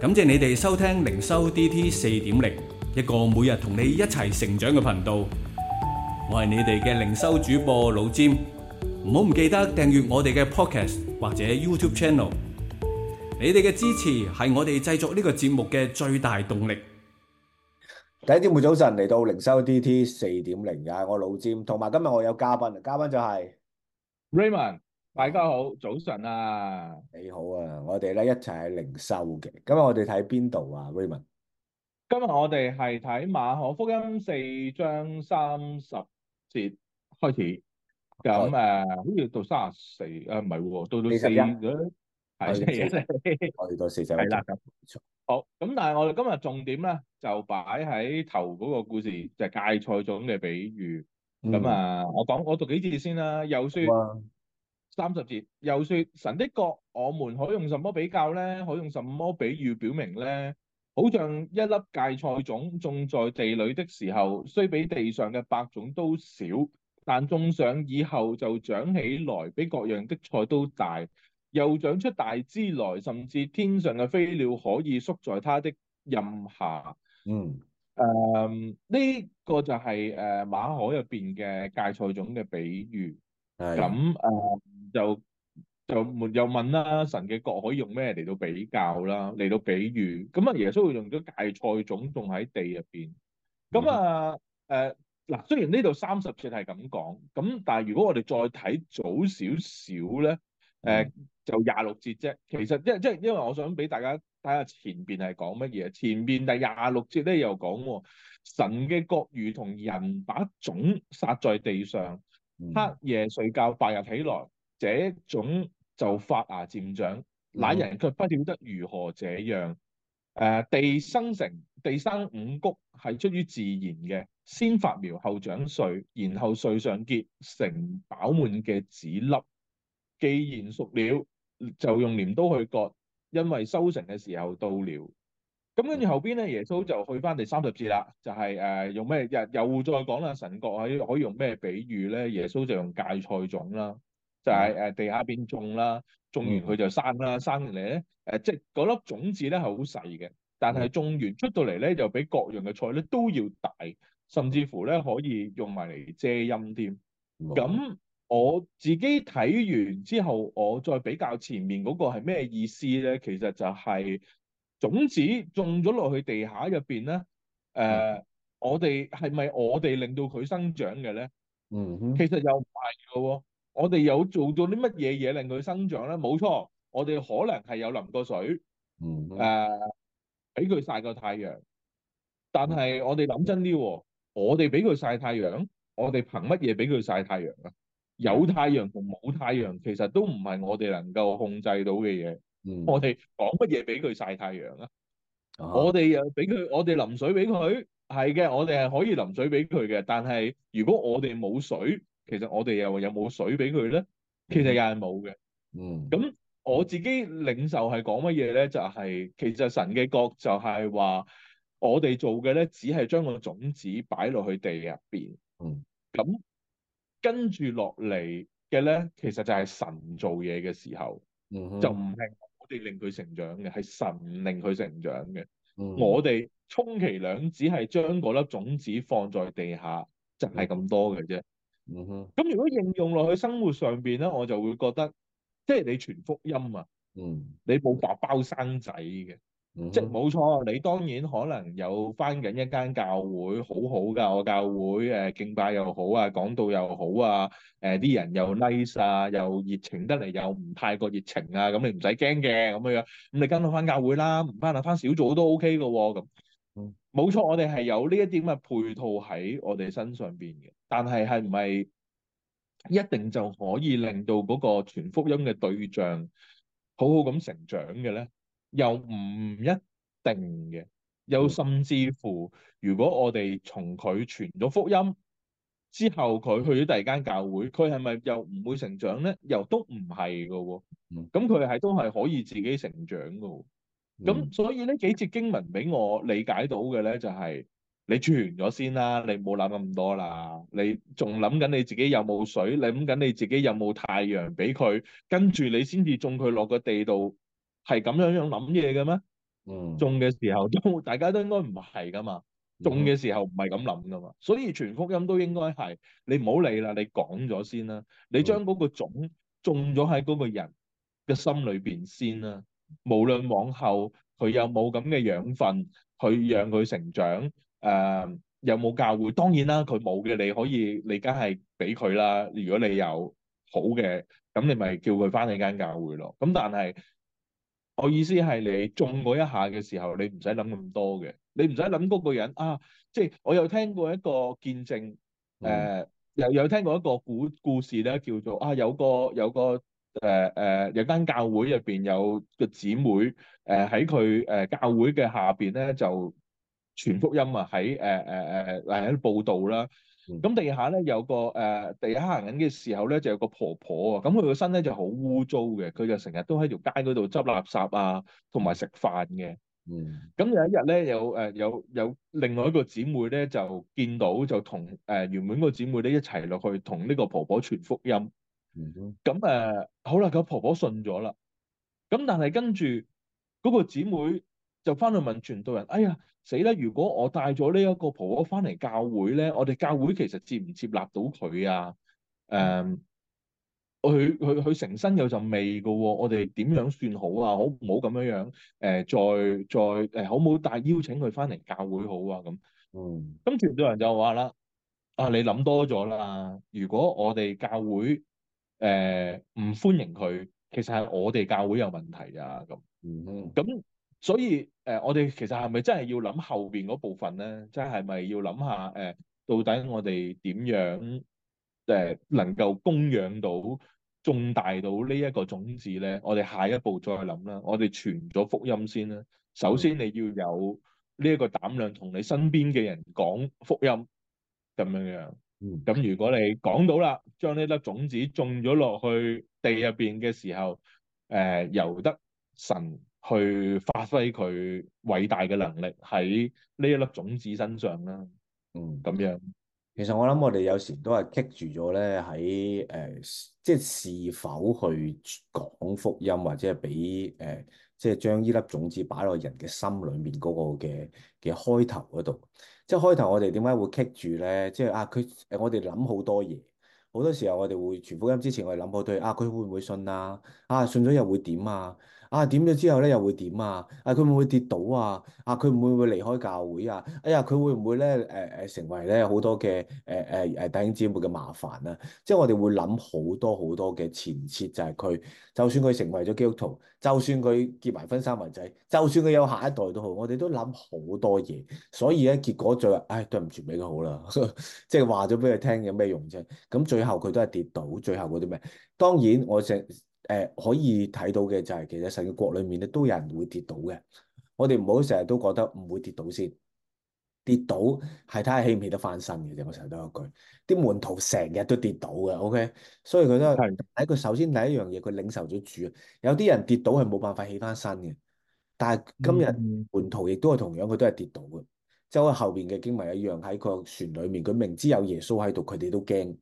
感謝你哋收聽靈修 DT 四點零，一個每日同你一齊成長嘅頻道。我係你哋嘅靈修主播老詹，唔好唔記得訂閱我哋嘅 podcast 或者 YouTube channel。你哋嘅支持係我哋製作呢個節目嘅最大動力。第一點半早晨嚟到靈修 DT 四點零，又係我老詹。同埋今日我有嘉賓，嘉賓就係、是、Raymond。Ray 大家好，早晨啊！你好啊，我哋咧一齊喺靈修嘅。今日我哋睇邊度啊，Raymond？今日我哋係睇馬可福音四章三十節開始，咁、嗯、啊，好似到三十四，誒唔係， 到到四，係四，我哋到四就係啦， 好。咁但係我哋今日重點咧就擺喺頭嗰個故事，就芥、是、菜種嘅比喻。咁啊，嗯、我講我讀幾字先啦、啊，有書。嗯三十節又說神的國，我們可用什麼比較呢？可用什麼比喻表明呢？好像一粒芥菜種種在地裏的時候，雖比地上嘅百種都小，但種上以後就長起來，比各樣的菜都大，又長出大枝來，甚至天上嘅飛鳥可以宿在它的蔭下。嗯，誒，呢個就係、是、誒、uh, 馬可入邊嘅芥菜種嘅比喻。咁誒是。就就沒有問啦、啊。神嘅國可以用咩嚟到比較啦？嚟到比喻咁啊，耶穌會用咗芥菜種種喺地入邊。咁啊誒嗱，雖然呢度三十節係咁講，咁但係如果我哋再睇早少少咧，誒、呃、就廿六節啫。其實即即因為我想俾大家睇下前邊係講乜嘢。前邊第廿六節咧又講喎、啊，神嘅國如同人把種撒在地上，黑夜睡覺，白日起來。這種就發芽漸長，那人卻不曉得如何這樣。誒、呃、地生成地生五穀，係出於自然嘅，先發苗後長穗，然後穗上結成飽滿嘅籽粒。既然熟了，就用鐮刀去割，因為收成嘅時候到了。咁跟住後邊咧，耶穌就去翻第三十節啦，就係、是、誒、呃、用咩？又又再講啦，神國可以可以用咩比喻咧？耶穌就用芥菜種啦。就喺誒地下邊種啦，種完佢就生啦，嗯、生完嚟咧誒，即係嗰粒種子咧係好細嘅，但係種完出到嚟咧就比各樣嘅菜咧都要大，甚至乎咧可以用埋嚟遮陰添。咁、嗯、我自己睇完之後，我再比較前面嗰個係咩意思咧？其實就係種子種咗落去地下入邊咧，誒、呃，嗯、我哋係咪我哋令到佢生長嘅咧？嗯哼其實又唔係嘅喎。我哋有做到啲乜嘢嘢令佢生長咧？冇錯，我哋可能係有淋過水，誒、mm，俾佢曬個太陽。但係我哋諗真啲喎，我哋俾佢曬太陽，我哋憑乜嘢俾佢曬太陽啊？有太陽同冇太陽其實都唔係我哋能夠控制到嘅嘢。我哋講乜嘢俾佢曬太陽啊？我哋又俾佢，我哋淋水俾佢，係嘅，我哋係可以淋水俾佢嘅。但係如果我哋冇水，其實我哋又話有冇水俾佢咧？其實又係冇嘅。嗯。咁我自己領受係講乜嘢咧？就係、是、其實神嘅國就係話我哋做嘅咧，只係將個種子擺落去地入邊。嗯。咁跟住落嚟嘅咧，其實就係神做嘢嘅時候，嗯、哼就唔係我哋令佢成長嘅，係神令佢成長嘅。嗯、我哋充其量只係將嗰粒種子放在地下，就係、是、咁多嘅啫。嗯哼，咁如果應用落去生活上邊咧，我就會覺得，即係你傳福音啊，嗯，你冇白包生仔嘅，嗯哼，即係冇錯，你當然可能有翻緊一間教會，好好噶，我教會誒敬拜又好啊，講道又好啊，誒啲人又 nice 啊，又熱情得嚟，又唔太過熱情啊，咁你唔使驚嘅，咁樣樣，咁你跟到翻教會啦，唔翻就翻小組都 O K 噶喎，咁，冇錯，我哋係有呢一啲咁嘅配套喺我哋身上邊嘅。但係係唔係一定就可以令到嗰個傳福音嘅對象好好咁成長嘅咧？又唔一定嘅。又甚至乎，如果我哋從佢傳咗福音之後，佢去咗第二間教會，佢係咪又唔會成長咧？又都唔係嘅喎。咁佢係都係可以自己成長嘅喎。咁所以呢幾節經文俾我理解到嘅咧，就係，就係。你傳咗先啦，你冇諗咁多啦。你仲諗緊你自己有冇水，你諗緊你自己有冇太陽俾佢，跟住你先至種佢落個地度，係咁樣樣諗嘢嘅咩？嗯，種嘅時候都大家都應該唔係噶嘛，嗯、種嘅時候唔係咁諗噶嘛。所以全福音都應該係你唔好理啦，你講咗先啦，你將嗰個種種咗喺嗰個人嘅心裏邊先啦。無論往後佢有冇咁嘅養分去讓佢成長。誒、嗯，有冇教會？當然啦，佢冇嘅，你可以你梗係俾佢啦。如果你有好嘅，咁你咪叫佢翻去間教會咯。咁、嗯、但係我意思係你中嗰一下嘅時候，你唔使諗咁多嘅，你唔使諗嗰個人啊。即係我有聽過一個見證，誒、呃，又有聽過一個故故事咧，叫做啊，有個有個誒誒，有間、呃呃、教會入邊有個姊妹，誒喺佢誒教會嘅下邊咧就。傳福音啊！喺誒誒誒嗱喺報道啦，咁地下咧有個誒、呃、地下行緊嘅時候咧就有個婆婆啊，咁佢個身咧就好污糟嘅，佢就成日都喺條街嗰度執垃圾啊，同埋食飯嘅。嗯，咁有一日咧有誒、呃、有有另外一個姊妹咧就見到就同誒、呃、原本個姊妹咧一齊落去同呢個婆婆傳福音。咁誒、呃、好啦，咁個婆婆信咗啦。咁但係跟住嗰、那個姊妹，就翻去問傳道人，哎呀死啦！如果我帶咗呢一個婆婆翻嚟教會咧，我哋教會其實接唔接納到佢啊？誒、um，佢佢佢成身有陣味嘅喎、啊，我哋點樣算好啊？好唔好咁樣樣？誒、呃，再再誒、呃，好唔好帶邀請佢翻嚟教會好啊？咁，嗯，咁傳道人就話啦，啊你諗多咗啦！如果我哋教會誒唔、呃、歡迎佢，其實係我哋教會有問題啊咁，咁。所以誒、呃，我哋其實係咪真係要諗後邊嗰部分咧？即係咪要諗下誒、呃，到底我哋點樣誒、呃、能夠供養到種大到呢一個種子咧？我哋下一步再去諗啦。我哋傳咗福音先啦。首先你要有呢一個膽量，同你身邊嘅人講福音咁樣樣。咁如果你講到啦，將呢粒種子種咗落去地入邊嘅時候，誒、呃、由得神。去發揮佢偉大嘅能力喺呢一粒種子身上啦。嗯，咁樣。其實我諗我哋有時都係棘住咗咧，喺、呃、誒，即係是，是否去講福音，或者係俾誒，即係將呢粒種子擺落人嘅心裏面嗰個嘅嘅開頭嗰度。即係開頭我哋點解會棘住咧？即係啊，佢誒，我哋諗好多嘢，好多時候我哋會傳福音之前，我哋諗好對啊，佢會唔會信啊？啊，信咗又會點啊？啊，點咗之後咧又會點啊？啊，佢會唔會跌倒啊？啊，佢唔會唔會離開教會啊？哎呀，佢會唔會咧，誒誒，成為咧好多嘅誒誒誒弟兄姊妹嘅麻煩啊？即係我哋會諗好多好多嘅前設就，就係佢就算佢成為咗基督徒，就算佢結埋婚生埋仔，就算佢有下一代都好，我哋都諗好多嘢，所以咧結果最後，唉，都唔傳俾佢好啦， 即係話咗俾佢聽有咩用啫？咁最後佢都係跌倒，最後嗰啲咩？當然我成。誒、呃、可以睇到嘅就係其實神嘅國裏面咧都有人會跌倒嘅，我哋唔好成日都覺得唔會跌倒先，跌倒係睇下起唔起得翻身嘅啫。我成日都有句，啲門徒成日都跌倒嘅，OK，所以佢都係喺佢的首先第一樣嘢佢領受咗主，有啲人跌倒係冇辦法起翻身嘅，但係今日門徒亦都係同樣佢都係跌倒嘅，即係好似後邊嘅經文一樣喺個船裏面，佢明知有耶穌喺度，佢哋都驚。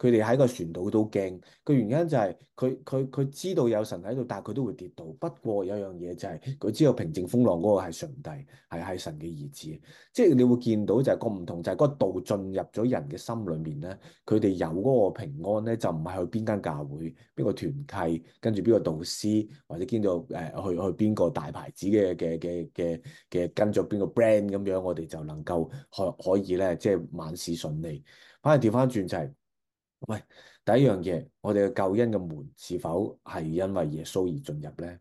佢哋喺個船度都驚，個原因就係佢佢佢知道有神喺度，但係佢都會跌倒。不過有樣嘢就係、是、佢知道平靜風浪嗰個係上帝，係係神嘅兒子，即係你會見到就係、就是、個唔同就係嗰道進入咗人嘅心裏面咧，佢哋有嗰個平安咧，就唔係去邊間教會、邊個團契，跟住邊個導師或者見到誒去去邊個大牌子嘅嘅嘅嘅嘅跟住邊個 brand 咁樣，我哋就能夠可可以咧，即係萬事順利。反而調翻轉就係、是。喂，第一樣嘢，我哋嘅救恩嘅門是否係因為耶穌而進入咧？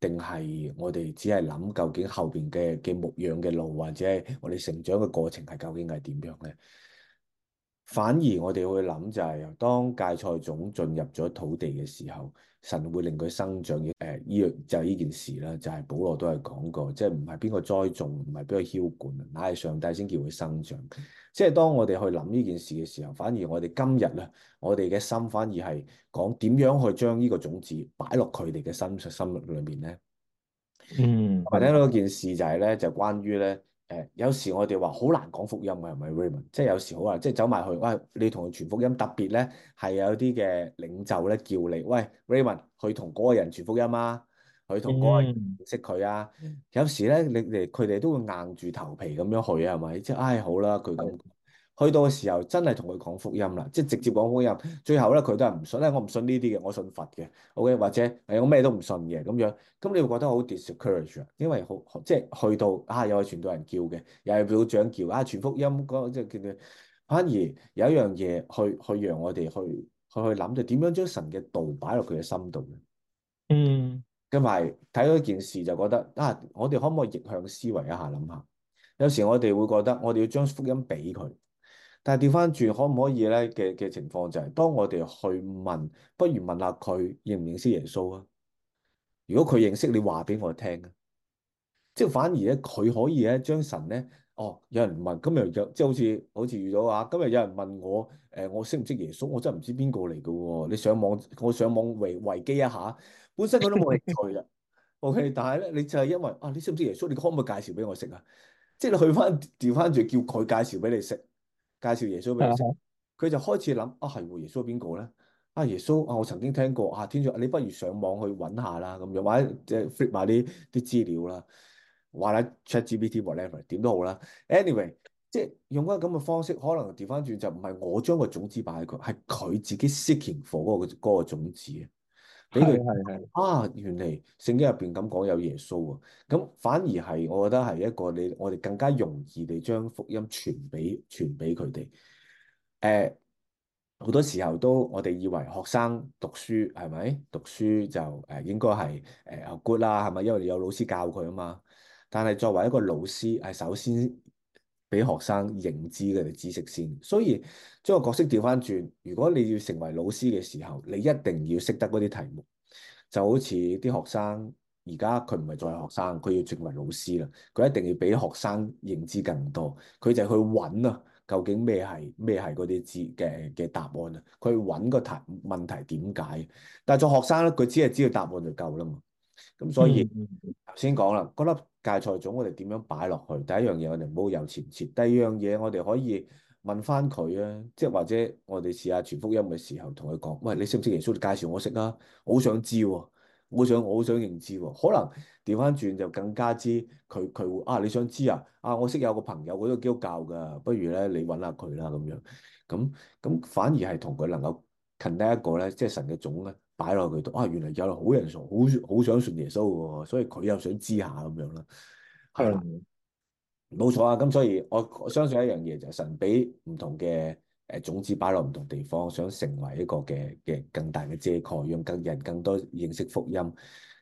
定係我哋只係諗究竟後邊嘅嘅牧養嘅路，或者我哋成長嘅過程係究竟係點樣咧？反而我哋會諗就係，當芥菜種進入咗土地嘅時候，神會令佢生長。誒、呃，呢樣就呢、是、件事啦，就係、是、保羅都係講過，即係唔係邊個栽種，唔係邊個澆灌，乃係上帝先叫佢生長。即係當我哋去諗呢件事嘅時候，反而我哋今日咧，我哋嘅心反而係講點樣去將呢個種子擺落佢哋嘅心上心裏裏面咧。嗯。或者嗰件事就係咧，就關於咧。誒、欸、有時我哋話好難講福音嘅係咪 Raymond？即係有時好難，即係走埋去，喂、哎、你同佢傳福音。特別咧係有啲嘅領袖咧叫你，喂 Raymond 去同嗰個人傳福音啊，去同嗰個人認識佢啊。有時咧你哋佢哋都會硬住頭皮咁樣去啊，係咪？即係唉、哎、好啦，佢咁。去到嘅時候，真係同佢講福音啦，即係直接講福音。最後咧，佢都係唔信咧。我唔信呢啲嘅，我信佛嘅。O.K. 或者係、哎、我咩都唔信嘅咁樣。咁你會覺得好 discourage 啊，因為好即係去到啊，又係全隊人叫嘅，又係會長叫啊，傳、啊、福音嗰即係叫你。反而有一樣嘢，去去讓我哋去去去諗就點樣將神嘅道擺落佢嘅心度嘅。嗯，跟埋睇到一件事就覺得啊，我哋可唔可以逆向思維一下諗下？有時我哋會覺得我哋要將福音俾佢。但係調翻轉，可唔可以咧嘅嘅情況就係，當我哋去問，不如問下佢認唔認識耶穌啊？如果佢認識，你話俾我聽啊，即係反而咧，佢可以咧將神咧哦。有人問，今日有即係、就是、好似好似遇到話，今日有人問我誒，我識唔識耶穌？我真係唔知邊個嚟㗎喎。你上網，我上網維維基一下，本身佢都冇興趣嘅。O、okay? K，但係咧，你就係因為啊，你識唔識耶穌？你可唔可以介紹俾我識啊？即係你去翻調翻轉，叫佢介紹俾你識。介紹耶穌俾佢識，佢就開始諗啊，係喎，耶穌邊個咧？啊耶穌啊，我曾經聽過啊，天主，你不如上網去揾下啦咁樣，或者 fit 埋啲啲資料啦，或者 ChatGPT whatever 點都好啦。anyway，即係用個咁嘅方式，可能調翻轉就唔係我將個種子擺喺佢，係佢自己 seeking for 嗰個種子。俾佢係係啊，原來聖經入邊咁講有耶穌喎、啊，咁反而係我覺得係一個你我哋更加容易地將福音傳俾傳俾佢哋。誒好、呃、多時候都我哋以為學生讀書係咪讀書就誒、呃、應該係誒好 good 啦，係咪？因為有老師教佢啊嘛。但係作為一個老師，係首先。俾學生認知嘅知識先，所以將個角色調翻轉。如果你要成為老師嘅時候，你一定要識得嗰啲題目，就好似啲學生而家佢唔係再係學生，佢要成為老師啦。佢一定要俾學生認知更多，佢就去揾啊，究竟咩係咩係嗰啲知嘅嘅答案啊？佢去揾個題問題點解？但係做學生咧，佢只係知道答案就夠啦嘛。咁所以、嗯、先講啦，嗰粒芥菜種我哋點樣擺落去？第一樣嘢我哋唔好有前設，第二樣嘢我哋可以問翻佢啊，即係或者我哋試下全福音嘅時候同佢講，喂，你知知識唔識耶穌？介紹我識啦，我好想知、啊，我好想，我好想認知、啊，可能調翻轉就更加之，佢佢會啊，你想知啊？啊，我識有個朋友，佢都基督教噶，不如咧你揾下佢啦咁樣，咁咁反而係同佢能夠近 o 一個咧，即係神嘅種咧。擺落佢度啊！原嚟，有好人數好好想信耶穌嘅，所以佢又想知下咁樣啦，係啦的，冇錯啊！咁所以我我相信一樣嘢，就神俾唔同嘅、誒種子擺落唔同地方，想成為一個嘅嘅更大嘅遮蓋，讓更多人更多認識福音，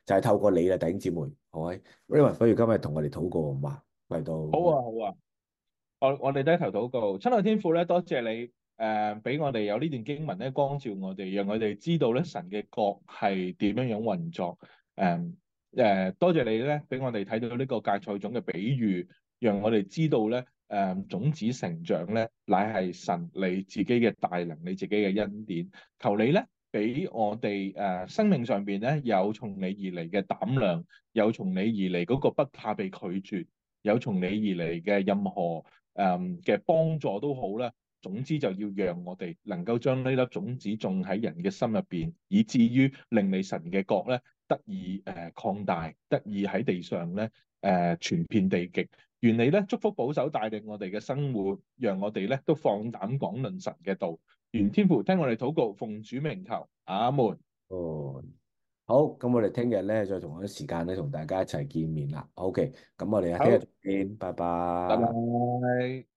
就係、是、透過你啦，弟兄姊妹，好唔可以？阿文，不如今日同我哋禱告，唔該，為到好啊好啊！我我哋低頭禱告，親愛的天父咧，多謝你。誒，俾、呃、我哋有呢段經文咧，光照我哋，讓我哋知道咧神嘅國係點樣樣運作。誒、呃，誒、呃，多謝你咧，俾我哋睇到呢個芥菜種嘅比喻，讓我哋知道咧，誒、呃，種子成長咧，乃係神你自己嘅大能，你自己嘅恩典。求你咧，俾我哋誒、呃，生命上邊咧有從你而嚟嘅膽量，有從你而嚟嗰個不怕被拒絕，有從你而嚟嘅任何誒嘅、呃、幫助都好啦。總之就要讓我哋能夠將呢粒種子種喺人嘅心入邊，以至於令你神嘅國咧得以誒擴大，得以喺地上咧誒全遍地極。願你咧祝福保守帶領我哋嘅生活，讓我哋咧都放膽講論神嘅道。願天父聽我哋禱告，奉主名求，阿門。哦，好，咁我哋聽日咧再同一時間咧同大家一齊見面啦。OK，咁我哋聽日見，拜拜。拜拜。